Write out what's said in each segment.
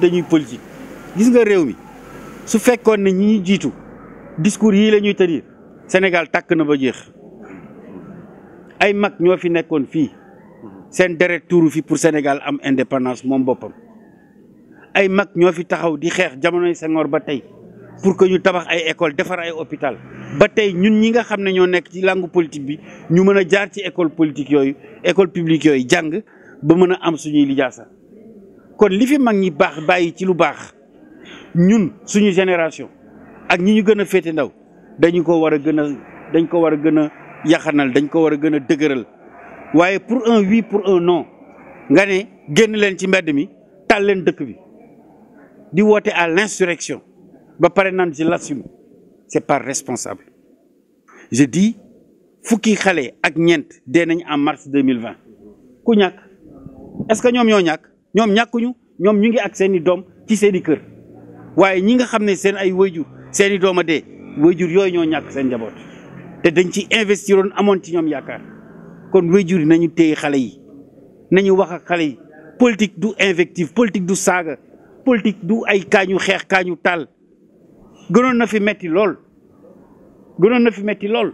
dañuy politique gis nga réew mi su fekkoon ne ñi ñuy jiitu discours yii la ñuy tenir senegal tàkk na ba jeex ay mag ñoo fi nekkoon fi sen deret touru fi pour Senegal am indépendance moom boppam ay mag ñoo fi taxaw di xeex jamonoy Senghor ba tey pour que ñu tabax ay école defar ay hôpital ba tey ñun ñi nga xam ne nekk ci langue politique bi ñu mën a jaar ci école politique yooyu école publique yooyu jàng ba mën am suñuy lijaasa kon li fi mag ñi baax bàyyi ci lu baax ñun suñu génération ak ñi ñu gën a féete ndaw dañu ko war a gën dañ ko war a gën dañ ko war a gën a pour un oui pour un non nga ne génn leen ci mbedd mi tal leen dëkk bi di woote à l'insurrection ba pare naan je l'assume c'est pas responsable je dis fukki xale ak ñeent dee nañ en mars 2020. mille ku ñàkk est-ce que ñoom ñoo ñàkk. ñoom ñàkkuñu ñoom ñu ngi ak seen i doom ci seen i kër waaye ñi nga xam ne seen ay wayjur seeni i doom a dee wayjur yooyu ñoo ñàkk seen njaboot te dañ ci investiroon amoon ci ñoom yaakaar kon wayjur yi nañu tey xale yi nañu wax ak xale yi politique du invective politique du saaga politique du ay kaañu xeex kaañu taal gënoon na fi metti lool gënoon na fi metti lool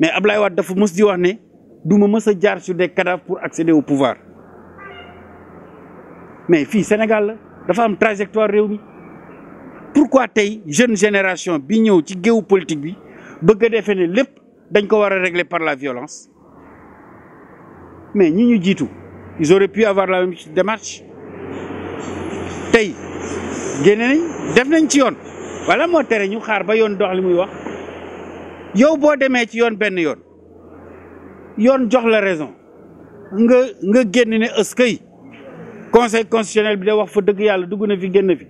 mais Ablaye Wade dafa mës di wax ne du ma mës a jaar sur des cadavres pour accéder au pouvoir mais filles Sénégal la femme trajectoire réunie. pourquoi la jeune génération qui est ci la politique bi bëgg fait par la violence mais nous disons tout. ils auraient pu avoir la même démarche tey ils ont def nañ ci yoon wala moo tere Ils ont ba dox wax yow la raison conseil constitutionnel bi da wax fa deug yalla dugg na fi genn fi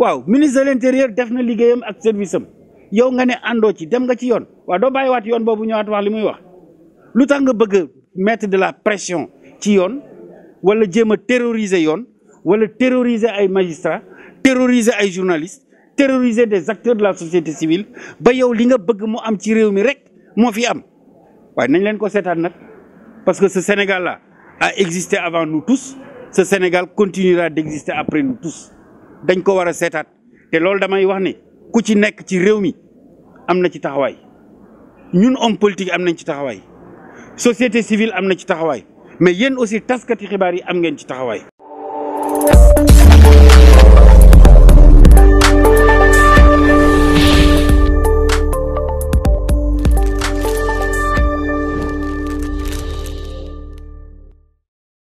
waaw ministre de l'intérieur intérieur def na liggéeyam ak service yow nga ne ando ci dem nga ci yoon do doo bàyyiwaat yoon boobu ñëwaat wax limuy wax lu tax nga bëgg a mettre de la pression ci yoon wala jema terroriser yoon wala terroriser ay magistrats terroriser ay journalistes terroriser des acteurs de la société civile ba yow li nga bëgg mu am ci réew mi rek mo fi am waaye nañ leen ko sétane nak parce que ce Sénégal là a existé avant nous tous ce Sénégal continuera d'exister après nous tous dañ ko war a seetaat te loolu damay wax ni ku ci nekk ci réew mi am na ci taxawaay ñun homme politique am nañ ci taxawaay société civile am na ci taxawaay mais yéen aussi taskati xibaar yi am ngeen ci taxawaay